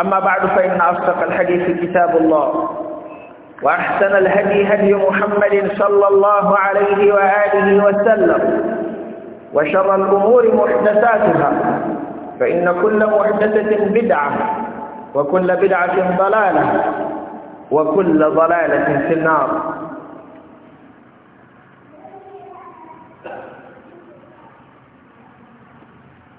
أما بعد فإن أصدق الحديث كتاب الله وأحسن الهدي هدي محمد صلى الله عليه وآله وسلم وشر الأمور محدثاتها فإن كل محدثة بدعة وكل بدعة ضلالة وكل ضلالة في النار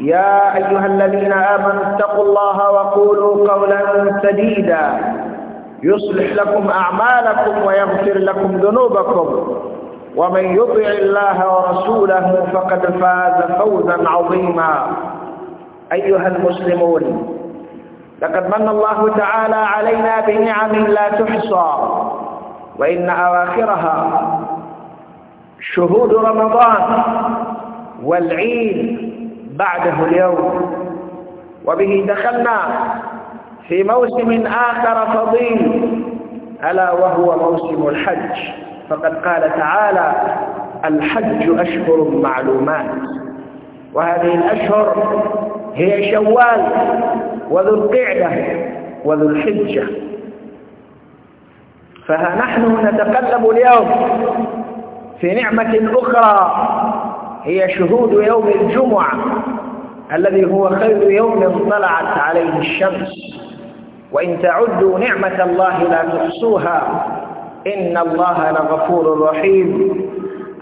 يا أيها الذين آمنوا اتقوا الله وقولوا قولا سديدا يصلح لكم أعمالكم ويغفر لكم ذنوبكم ومن يطع الله ورسوله فقد فاز فوزا عظيما أيها المسلمون لقد من الله تعالى علينا بنعم لا تحصى وإن أواخرها شهود رمضان والعيد بعده اليوم وبه دخلنا في موسم آخر فضيل ألا وهو موسم الحج فقد قال تعالى الحج أشهر معلومات وهذه الأشهر هي شوال وذو القعدة وذو الحجة فها نحن نتقلب اليوم في نعمة أخرى هي شهود يوم الجمعة الذي هو خير يوم طلعت عليه الشمس وإن تعدوا نعمة الله لا تحصوها إن الله لغفور رحيم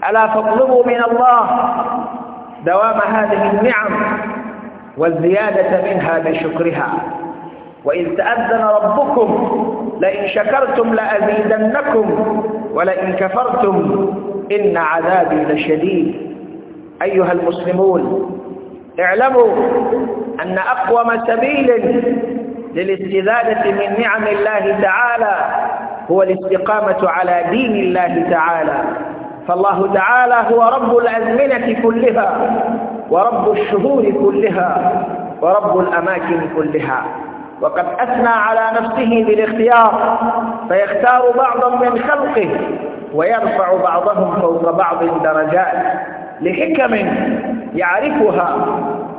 ألا فاطلبوا من الله دوام هذه النعم والزيادة منها بشكرها وإذ تأذن ربكم لئن شكرتم لأزيدنكم ولئن كفرتم إن عذابي لشديد أيها المسلمون اعلموا أن أقوم سبيل للاستزادة من نعم الله تعالى هو الاستقامة على دين الله تعالى فالله تعالى هو رب الأزمنة كلها ورب الشهور كلها ورب الأماكن كلها وقد أثنى على نفسه بالاختيار فيختار بعضا من خلقه ويرفع بعضهم فوق بعض درجات لحكم يعرفها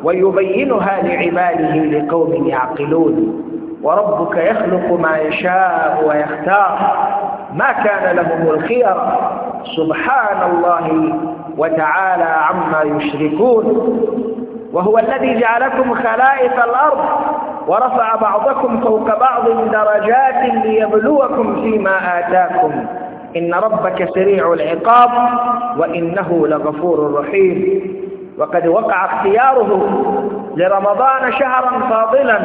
ويبينها لعباده لقوم يعقلون وربك يخلق ما يشاء ويختار ما كان لهم الخير سبحان الله وتعالى عما يشركون وهو الذي جعلكم خلائف الأرض ورفع بعضكم فوق بعض درجات ليبلوكم فيما آتاكم إن ربك سريع العقاب وإنه لغفور رحيم وقد وقع اختياره لرمضان شهرا فاضلا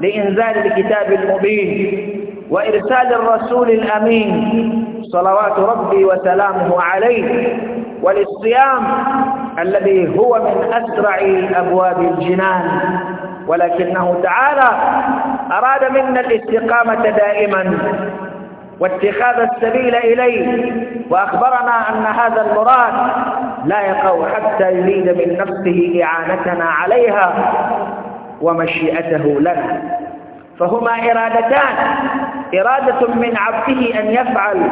لإنزال الكتاب المبين وإرسال الرسول الأمين صلوات ربي وسلامه عليه وللصيام الذي هو من أسرع أبواب الجنان ولكنه تعالى أراد منا الاستقامة دائما واتخاذ السبيل إليه وأخبرنا أن هذا المراد لا يقع حتى يريد من نفسه إعانتنا عليها ومشيئته لنا فهما إرادتان إرادة من عبده أن يفعل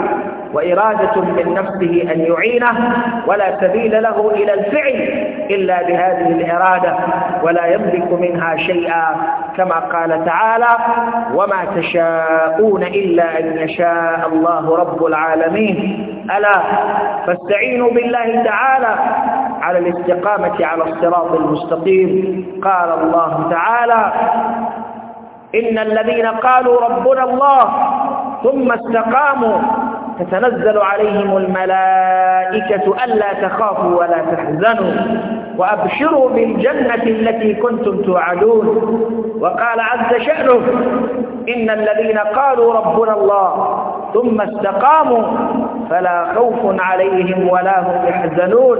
وإرادة من نفسه أن يعينه ولا سبيل له إلى الفعل إلا بهذه الإرادة ولا يملك منها شيئا كما قال تعالى وما تشاءون إلا أن يشاء الله رب العالمين ألا فاستعينوا بالله تعالى على الاستقامة على الصراط المستقيم قال الله تعالى إن الذين قالوا ربنا الله ثم استقاموا تتنزل عليهم الملائكة ألا تخافوا ولا تحزنوا وأبشروا بالجنة التي كنتم توعدون وقال عز شأنه إن الذين قالوا ربنا الله ثم استقاموا فلا خوف عليهم ولا هم يحزنون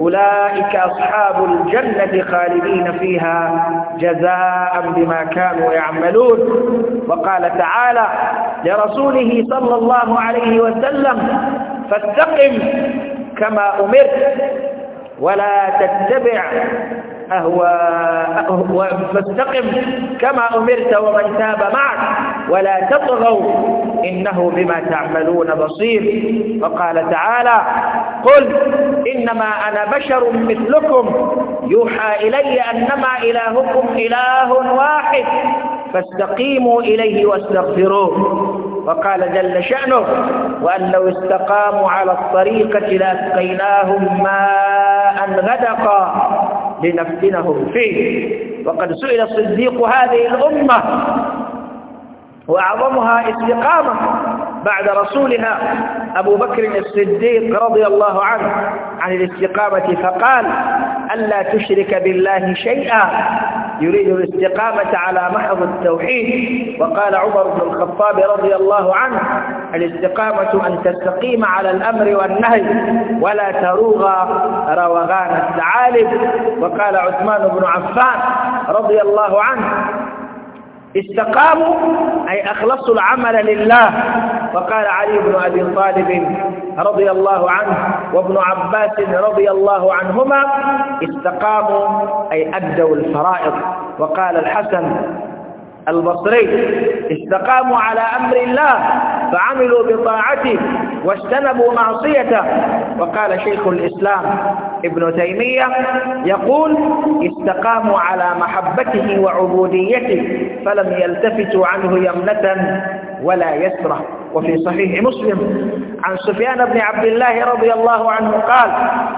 أولئك أصحاب الجنة خالدين فيها جزاء بما كانوا يعملون وقال تعالى لرسوله صلى الله عليه وسلم فاستقم كما أمرت ولا تتبع أهواء فاستقم كما أمرت ومن تاب معك ولا تطغوا إنه بما تعملون بصير وقال تعالى قل إنما أنا بشر مثلكم يوحى إلي أنما إلهكم إله واحد فاستقيموا إليه واستغفروه وقال جل شأنه وأن لو استقاموا على الطريقة لأسقيناهم ماء غدقا لنفتنهم فيه وقد سئل الصديق هذه الأمة وأعظمها استقامة بعد رسولها أبو بكر الصديق رضي الله عنه عن الاستقامة فقال ألا تشرك بالله شيئا يريد الاستقامة على محض التوحيد وقال عمر بن الخطاب رضي الله عنه الاستقامة أن تستقيم على الأمر والنهي ولا تروغ روغان الثعالب وقال عثمان بن عفان رضي الله عنه استقاموا أي أخلصوا العمل لله وقال علي بن أبي طالب رضي الله عنه وابن عباس رضي الله عنهما استقاموا أي أدوا الفرائض وقال الحسن البصري استقاموا على أمر الله فعملوا بطاعته واجتنبوا معصيته وقال شيخ الإسلام ابن تيمية يقول استقاموا على محبته وعبوديته فلم يلتفتوا عنه يمنة ولا يسرة وفي صحيح مسلم عن سفيان بن عبد الله رضي الله عنه قال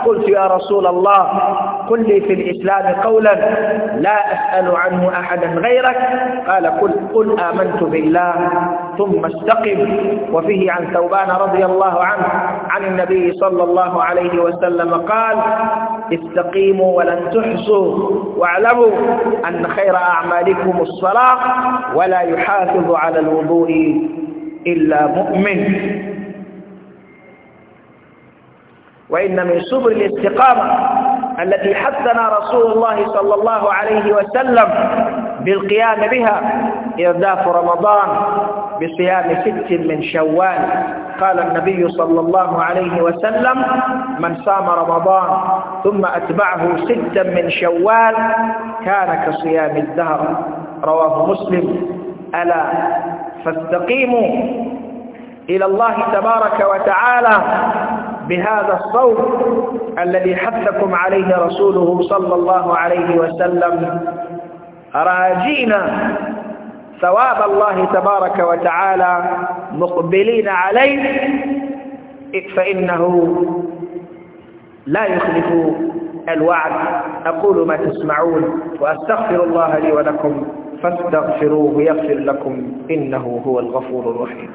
قلت يا رسول الله قل لي في الإسلام قولا لا أسأل عنه أحدا غيرك قال قل, قل آمنت بالله ثم استقم وفيه عن ثوبان رضي الله عنه عن النبي صلى الله عليه وسلم قال استقيموا ولن تحصوا واعلموا أن خير أعمالكم الصلاة ولا يحافظ على الوضوء إلا مؤمن وإن من صبر الاستقامة التي حثنا رسول الله صلى الله عليه وسلم بالقيام بها إرداف رمضان بصيام ست من شوال قال النبي صلى الله عليه وسلم من صام رمضان ثم أتبعه ستا من شوال كان كصيام الدهر رواه مسلم ألا فاستقيموا إلى الله تبارك وتعالى بهذا الصوت الذي حثكم عليه رسوله صلى الله عليه وسلم راجينا ثواب الله تبارك وتعالى مقبلين عليه فإنه لا يخلف الوعد أقول ما تسمعون وأستغفر الله لي ولكم فاستغفروه يغفر لكم إنه هو الغفور الرحيم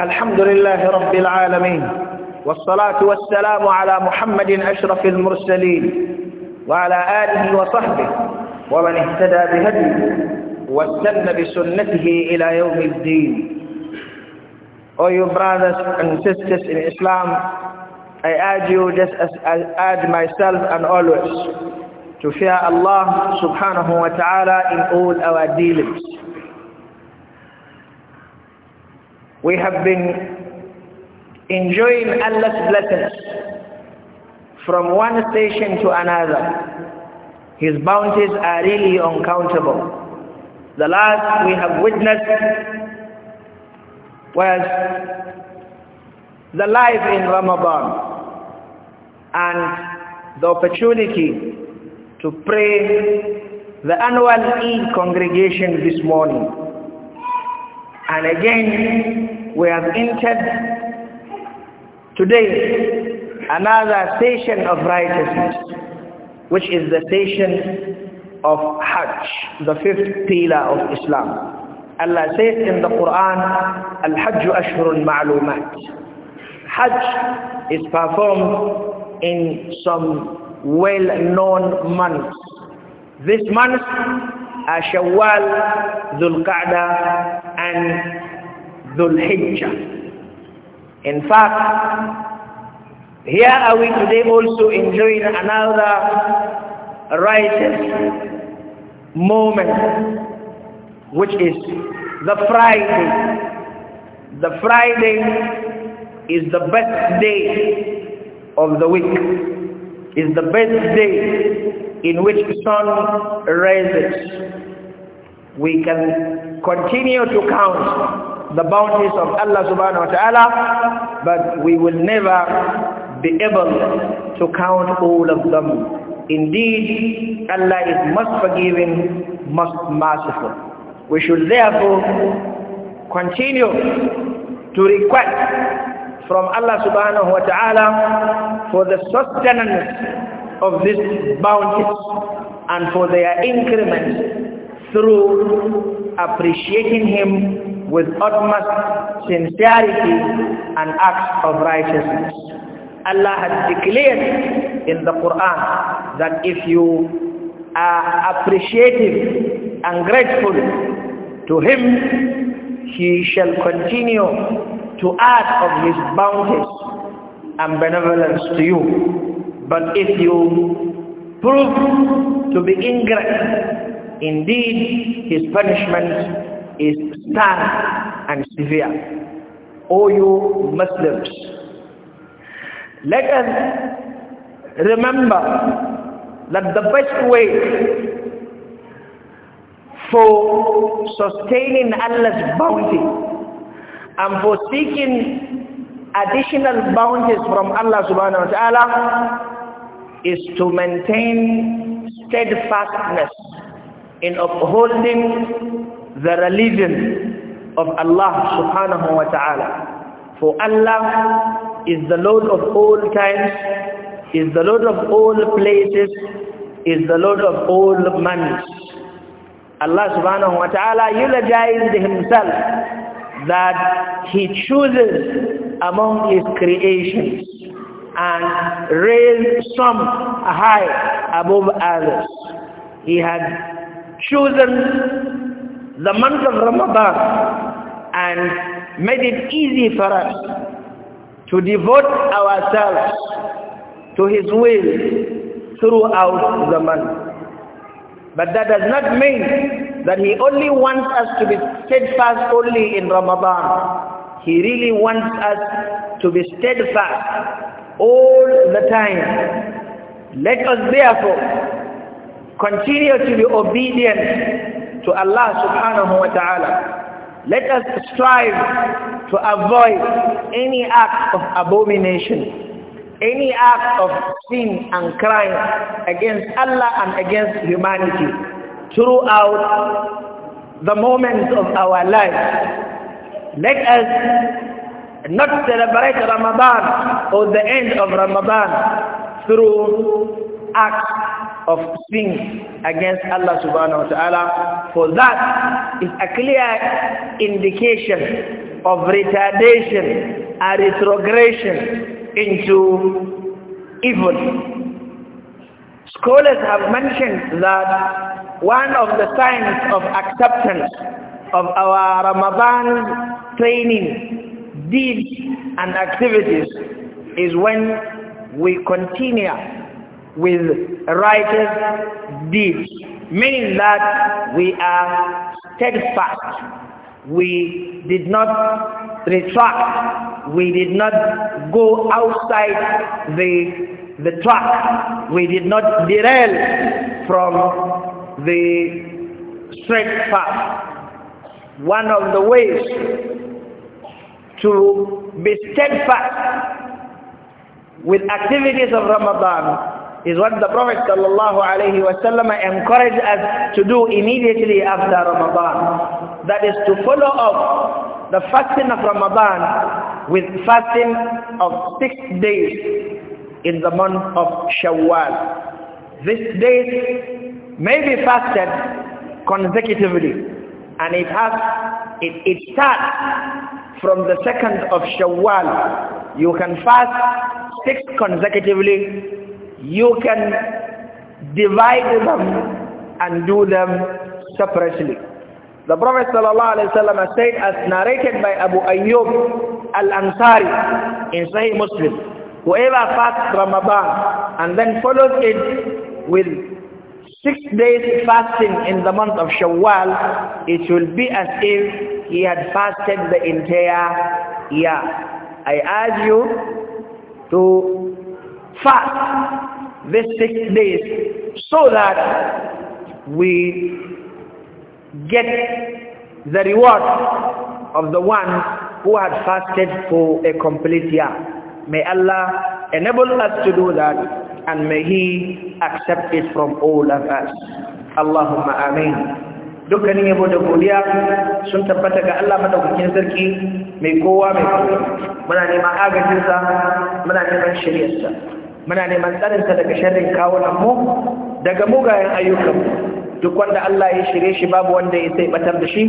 الحمد لله رب العالمين والصلاة والسلام على محمد أشرف المرسلين وعلى آله وصحبه ومن اهتدى بهديه واستنى بسنته إلى يوم الدين All you brothers and sisters in Islam, I urge you just as I urge myself and always to fear Allah subhanahu wa ta'ala in all our dealings. We have been enjoying Allah's blessings from one station to another. His bounties are really uncountable. The last we have witnessed was the life in Ramadan and the opportunity to pray the annual Eid congregation this morning. And again, we have entered today another station of righteousness, which is the station of Hajj, the fifth pillar of Islam. Allah says in the Quran, Al-Hajj Ashhurun Ma'lumat. Hajj is performed in some well-known months. This month Asha'wal Shawwal, and Dhul Hijjah. In fact, here are we today also enjoying another righteous moment which is the Friday. The Friday is the best day of the week. Is the best day in which the sun rises. We can continue to count the bounties of Allah subhanahu wa ta'ala, but we will never be able to count all of them. Indeed, Allah is most forgiving, most merciful. We should therefore continue to request from Allah subhanahu wa ta'ala for the sustenance of this bounty, and for their increments through appreciating him with utmost sincerity and acts of righteousness. Allah has declared in the Quran that if you are appreciative and grateful to him, he shall continue to add of his bounties and benevolence to you. But if you prove to be ingrate, indeed his punishment is stern and severe. O you Muslims, let us remember that the best way for sustaining Allah's bounty and for seeking additional bounties from Allah subhanahu wa ta'ala is to maintain steadfastness in upholding the religion of Allah subhanahu wa ta'ala. For Allah is the Lord of all times, is the Lord of all places, is the Lord of all manners. Allah subhanahu wa ta'ala eulogized himself that he chooses among his creations and raised some high above others. He had chosen the month of Ramadan and made it easy for us to devote ourselves to His will throughout the month. But that does not mean that He only wants us to be steadfast only in Ramadan. He really wants us to be steadfast all the time. Let us therefore continue to be obedient to Allah subhanahu wa ta'ala. Let us strive to avoid any act of abomination, any act of sin and crime against Allah and against humanity throughout the moments of our life. Let us not celebrate Ramadan or the end of Ramadan through acts of sin against Allah subhanahu wa ta'ala for that is a clear indication of retardation and retrogression into evil. Scholars have mentioned that one of the signs of acceptance of our Ramadan training deeds and activities is when we continue with righteous deeds, meaning that we are steadfast. We did not retract. We did not go outside the, the track. We did not derail from the straight path. One of the ways to be steadfast with activities of Ramadan is what the Prophet sallallahu encouraged us to do immediately after Ramadan. That is to follow up the fasting of Ramadan with fasting of six days in the month of Shawwal. These days may be fasted consecutively and it has it, it starts from the second of Shawwal. You can fast six consecutively. You can divide them and do them separately. The Prophet ﷺ said as narrated by Abu Ayyub al-Ansari in Sahih Muslim, whoever fasts Ramadan and then follows it with six days fasting in the month of Shawwal, it will be as if he had fasted the entire year. I urge you to fast these six days so that we get the reward of the one who had fasted for a complete year. May Allah enable us to do that and may He accept it from all of us. Allahumma ameen. dukkanin yabo da godiya sun tabbata ga Allah madaukakin sarki mai kowa mai kowa muna neman agajinsa muna neman shiryarsa muna neman tsarinsa daga sharrin kawunan mu daga mugayen ayyukan duk wanda Allah ya shirye shi babu wanda ya sai batar da shi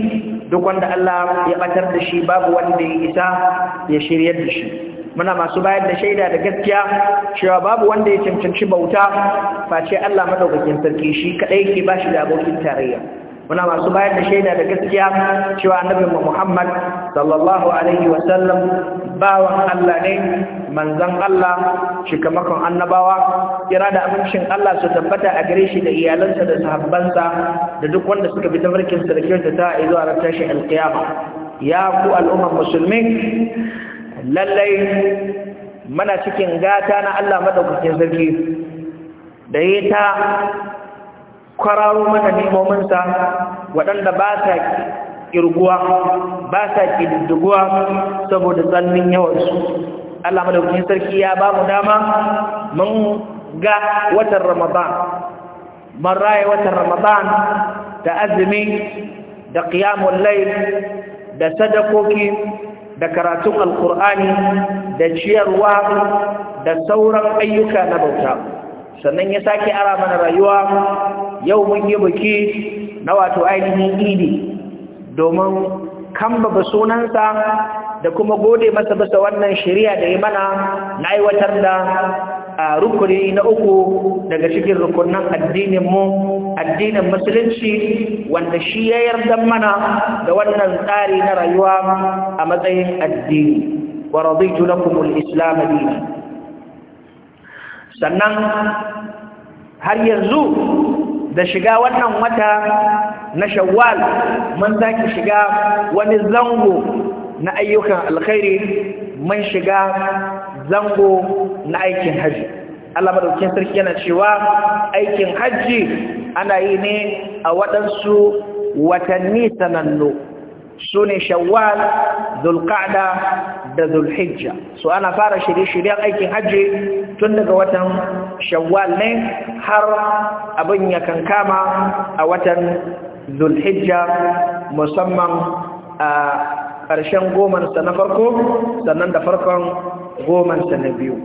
duk wanda Allah ya batar da shi babu wanda ya isa ya shiryar da shi muna masu bayar da shaida da gaskiya cewa babu wanda ya cancanci bauta face Allah madaukakin sarki shi kadai ke bashi da abokin tarayya muna masu bayar da shaida da gaskiya cewa annabi Muhammad sallallahu alaihi wa sallam bawan Allah ne manzan Allah shikamakon annabawa kira da amincin Allah su tabbata a gare shi da iyalansa da sahabbansa da duk wanda suka bi tafarkin sa da kyauta ta zuwa ran tashi alkiyama ya ku al'ummar musulmi lallai mana cikin gata na Allah madaukakin sarki da ya ta kwararo mana nemominsa waɗanda ba sa ƙirguwa ba sa ƙiddiguwa saboda tsannin yawansu Allah madaukakin sarki ya ba mu dama mun ga watan Ramadan mun raye watan Ramadan da azumi da ƙiyamun lai da sadakoki da karatun alkur'ani da ciyarwa da sauran ayyuka na bauta sannan ya sake ara mana rayuwa yau mun yi biki na wato ainihin idi domin kambaba sunansa da kuma gode masa bisa wannan shari'a da ya mana na aiwatar da rukuni na uku daga cikin rukunan addininmu addinin musulunci wanda shi ya yarda mana da wannan tsari na rayuwa a matsayin addini wa raditu lakum alislam dini sannan har yanzu da shiga wannan wata na shawwal mun sake shiga wani zango na ayyukan alkhairi mun shiga zango na aikin haji Allah madaukakin sarki yana cewa aikin haji ana yi ne a waɗansu watanni sanannu Sune shawwal zulqa'da da zulhijja so ana fara shirye-shiryen aikin hajji tun daga watan shawwal ne har abin ya kankama a watan zulhijja musamman a ƙarshen gomansa na farko sannan da farkon gomansa na biyu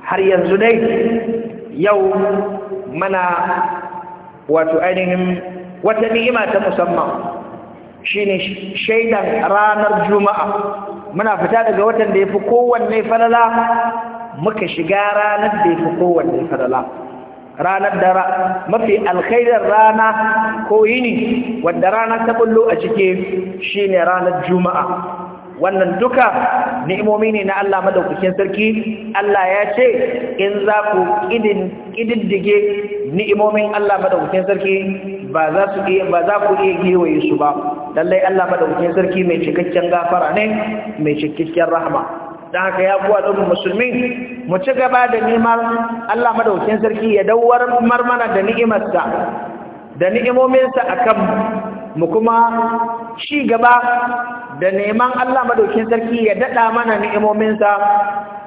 har yanzu dai yau mana wato ainihin wata ni'ima ta musamman ne shaidan ranar juma'a muna fita daga watan da yafi kowanne falala muka shiga ranar da fi kowanne falala ranar da mafi alkhairar rana ko yini wadda rana ta bullo a cike shine ranar juma'a wannan duka ni'imomi ne na Allah madaukakin sarki Allah ya ce in za ku ƙididdige ni'imomin Allah madaukakin sarki ba za iya ba za ku iya giwaye su ba lallai Allah madaukakin sarki mai cikakken gafara ne mai cikakken rahama dan haka ya buwa ɗin musulmi mu ci gaba da neman Allah madaukakin sarki ya dawwar marmana da ni'imarsa da ni'imominsa a kan mu kuma ci gaba da neman Allah madaukakin sarki ya daɗa mana ni'imominsa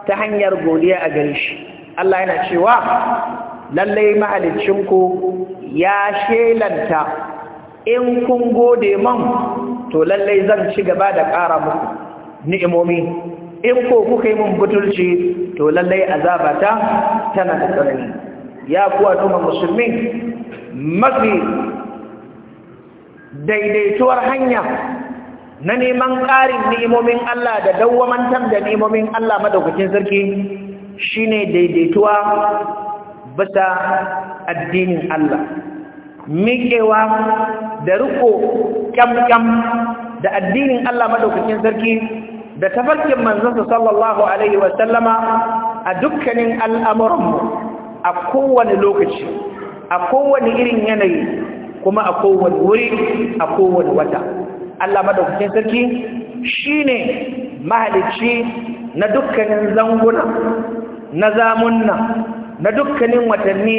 ta hanyar godiya a gare shi Allah yana cewa lallai ku ya shelanta in kun gode man to lallai zan ci gaba da ƙara muku ni'imomi in ko kuka yi mun butulci to lallai azabata tana da tsanani ya kuwa tuma musulmi mafi daidaituwar hanya na neman ƙarin ni'imomin Allah da dawwamantar da ni'imomin Allah madaukakin sarki shine daidaituwa bisa addinin Allah miƙewa da riko kyamkyam da addinin Allah madaukakin sarki da tafarkin manzansa sallallahu alaihi wasallama a dukkanin al'amuranmu a kowane lokaci a kowane irin yanayi kuma a kowane wuri a kowane wata Allah madaukakin sarki shi ne mahalicci na dukkanin zanguna na zamunna na dukkanin watanni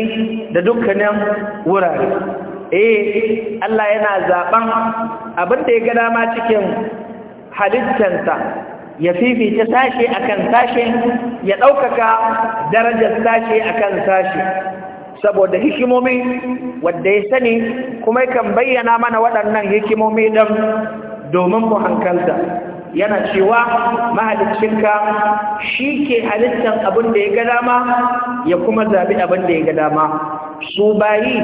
da dukkanin wurare eh Allah yana zaban abin da ya ga dama cikin halittansa ya fifita sashe akan sashe ya ɗaukaka darajar sashe akan sashe saboda hikimomi wadda ya sani kuma kan bayyana mana waɗannan hikimomi don domin mu hankalta yana cewa mahaliccinka shi ke halittar abin da ya ga dama ya kuma zaɓi abin da ya ga dama su bayi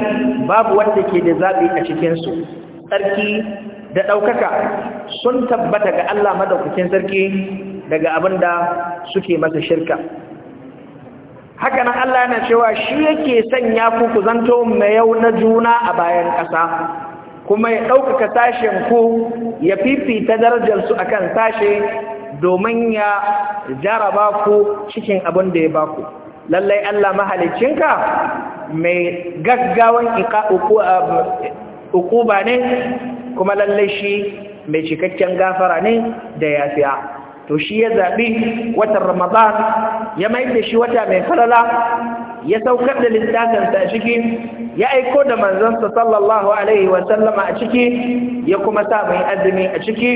babu wanda ke da zaɓi a cikinsu tsarki da ɗaukaka sun tabbata ga Allah madaukakin sarki daga abin da suke masa shirka haka nan Allah yana cewa shi yake sanya ku kuzanto zanto mai yau na juna a bayan ƙasa kuma ya ɗaukaka sashen ku ya fifita darajarsu a kan sashe domin ya jaraba ku cikin abin da ya ba ku lallai Allah mahalicinka mai gaggawan ukuba uh, ne kuma lallai shi mai cikakken gafara ne da yafiya to shi ya zaɓi watan ramadan ya mai da shi wata mai falala ya saukar da littafinsa a ciki ya aiko da manzansa sallallahu alaihi wasallama a ciki ya kuma sa mai azumi a ciki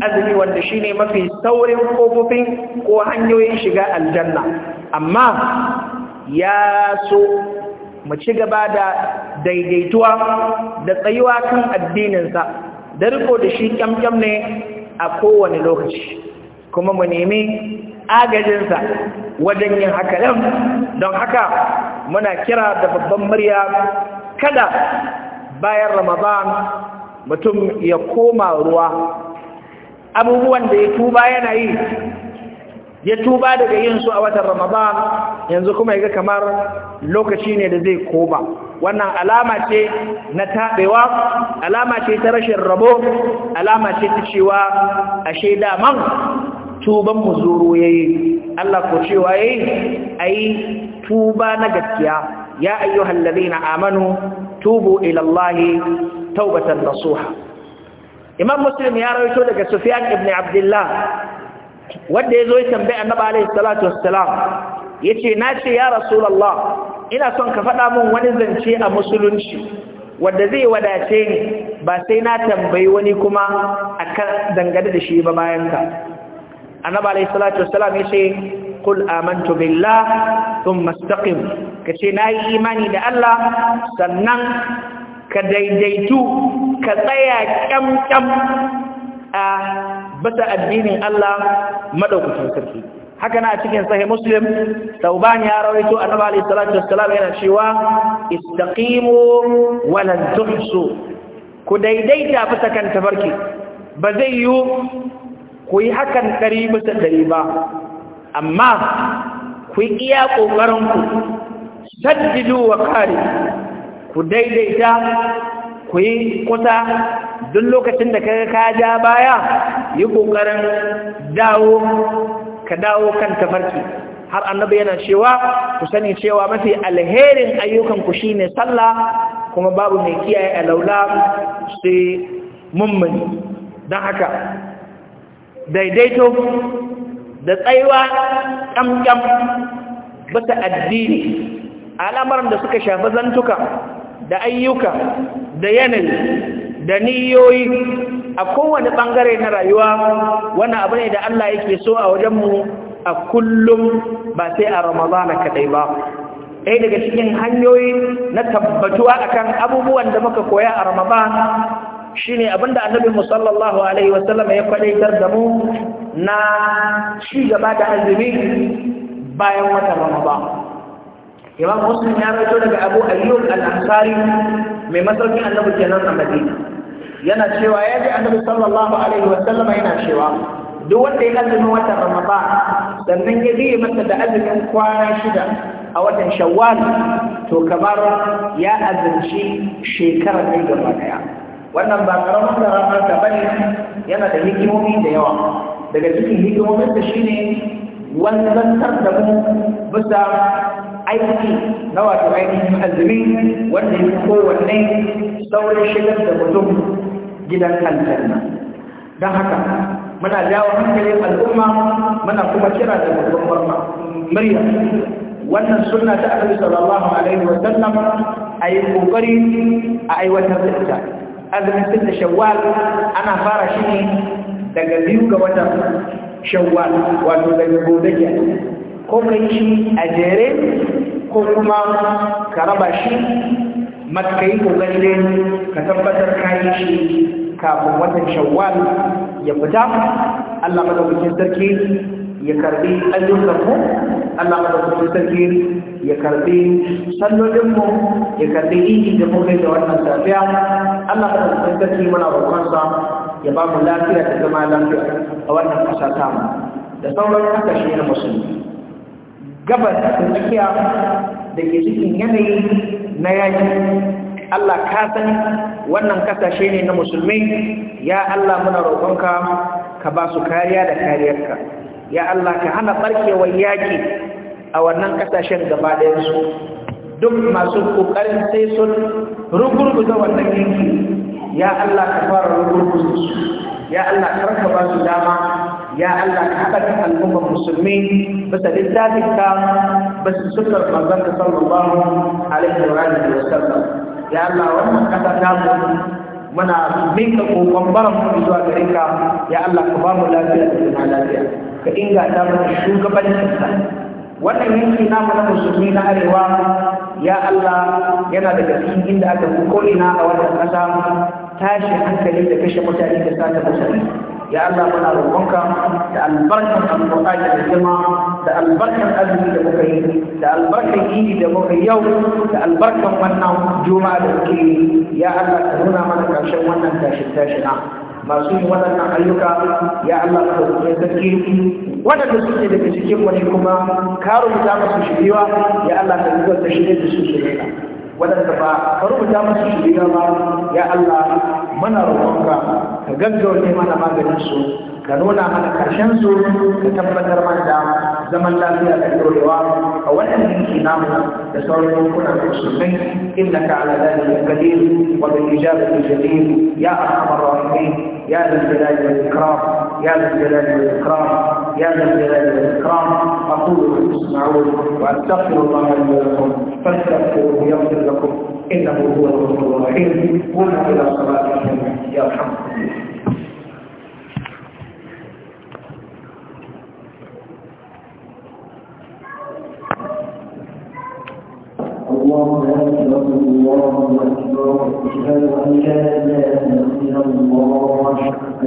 azumi wanda shi ne mafi saurin kofofin ko hanyoyin shiga aljanna amma ya so mu ci gaba da daidaituwa da tsayuwa kan addininsa da riko da shi kyamkyam ne a kowane lokaci kuma mu nemi agajinsa wajen yin haka don haka muna kira da babban murya kada bayan ramadan mutum ya koma ruwa abubuwan da ya tuba yana yi ya tuba daga yin su a watan ramadan yanzu kuma ya kamar lokaci ne da zai koma wannan alama ce na taɓewa alama ce ta rashin rabo alama ce ta cewa a shaida man tuban muzuru ya yi Allah ko cewa ya yi a yi tuba na gaskiya ya ayyuhan lalina amanu tubu ilallahi taubatan nasuha imam muslim ya rawaito daga Sufiyan ibn abdullah wanda ya zo ya tambaya annaba alaihi salatu wassalam yace na ce ya rasulullah ina son ka faɗa min wani zance a musulunci wanda zai wadace ni ba sai na tambayi wani kuma a kan dangane da shi ba bayan ka annabi alayhi salatu wassalam yace qul amantu billah thumma istaqim kace yi imani da Allah sannan ka daidaitu ka tsaya kyamkyam a bata addinin Allah madaukakin sarki haka na cikin sahih muslim tauban ya rawaito annabi alayhi salatu wassalam yana cewa istaqimu wa lan tuhsu ku daidaita bisa kan tabarki ba zai yi ku yi hakan ɗari bisa ɗari ba amma ku yi iya ƙoƙarinku saddidu wa kare ku daidaita ku yi kusa duk lokacin da ka ja baya yi ƙoƙarin dawo ka dawo kan tafarki har annabi yana cewa ku sani cewa mafi alherin ayyukan ku shine sallah kuma babu mai kiyaye alaula sai mummuni don haka daidaito da tsayuwa ƙamƙam bata addini al'amuran da suka shafi zantuka da ayyuka da yanayi da niyoyi a kowane ɓangare na rayuwa wani abu ne da Allah yake so a wajenmu a kullum ba sai a ramadana kaɗai ba ɗaya daga cikin hanyoyi na tabbatuwa akan abubuwan da muka koya a ramadan shi ne abinda annabi musallallahu alaihi wasallama ya faɗaitar da mu na ci gaba da azumi bayan wata ramadan imam muslim ya fito daga abu ayyub al-ansari mai masaukin annabi kenan a madina yana cewa ya ji annabi sallallahu alaihi wa yana cewa duk wanda ya azumi watan ramadan sannan ya biye masa da azumin kwana shida a watan shawwal to kamar ya azumci shekarar ne gaba daya wannan ba karamin da rama da bane yana da hikimomi da yawa daga cikin hikimomin da shine wanzantar da mu bisa aiki na wato ainihin azumi wanda ya fi kowanne saurin shigar da mutum gidan aljanna don haka muna jawo hankalin al'umma muna kuma kira da babban murya wannan suna ta annabi sallallahu alaihi wa sallam ayi kokari a aiwatar da ita azumin sittin shawwal ana fara shi ne daga biyu ga watan shawwal wato daga gobe kenan ko ka yi shi a jere ko kuma ka raba shi matakai ko ne ka tabbatar ka yi shi kafin watan shawwal ya fita Allah madaukakin sarki ya karbi ayyukanmu Allah madaukakin sarki ya karbi sallolinmu ya karbi iji da kuma da wannan safiya Allah madaukakin sarki muna roƙonsa ya ba mu lafiya da zama lafiya a wannan ƙasa ta da sauran kakashi na musulmi gabas ta tsakiya da ke cikin yanayi na yaki Allah ka san wannan kasashe ne na musulmai ya Allah muna roƙonka ka ba su kariya da kariyarka ya Allah ka hana barkewar yaki a wannan kasashen gaba ɗayansu duk masu ƙoƙarin sai sun rugurguza wannan yanki ya Allah ka fara rugurguza ya Allah karka ba su dama ya Allah ka haɗa ka al'ummar musulmi bisa littafin ka su sunnar manzon ka sallallahu alaihi wa alihi wa sallam ya Allah wannan kasa ta mu muna minka kokon baran mu zuwa gare ka ya Allah ka ba mu lafiya da kuma lafiya ka ba mu shugabancin ka wannan yanki namu na musulmi na arewa ya Allah yana daga cikin inda aka fi ko'ina a wannan ƙasa tashi hankali da kashe mutane da sata mutane ya Allah muna roƙonka da albarkar alƙur'ani da girma da albarkar azumi da muka yi da albarkar idi da muka yau da albarkar wannan juma'a da muke yi ya Allah ka nuna mana ƙarshen wannan tashin na masu yin waɗannan ayyuka ya Allah ka rubuta sarki waɗanda suke daga cikin wani kuma karu ta musu shiriwa ya Allah ka ta shirya da su su shirye waɗanda ba ka rubuta musu shirya ba ya Allah mana roƙonka ka gaggauta mana maganin su كنولا من كرشن سور كتبنا كرمان دام زمن لا فيها تكتور يوام أولا من كنام يسور يكون أن إنك على ذلك القدير وبالإجابة الجديد يا أرحم الراحمين يا ذا الجلال والإكرام يا ذا الجلال والإكرام يا ذا الجلال والإكرام أقول لكم اسمعون وأستغفر الله لي ولكم فاستغفروه يغفر لكم إنه هو الغفور الرحيم قلنا إلى صلاة يا يرحمكم الله الله أكبر الله أكبر أشهد أن لا إله إلا الله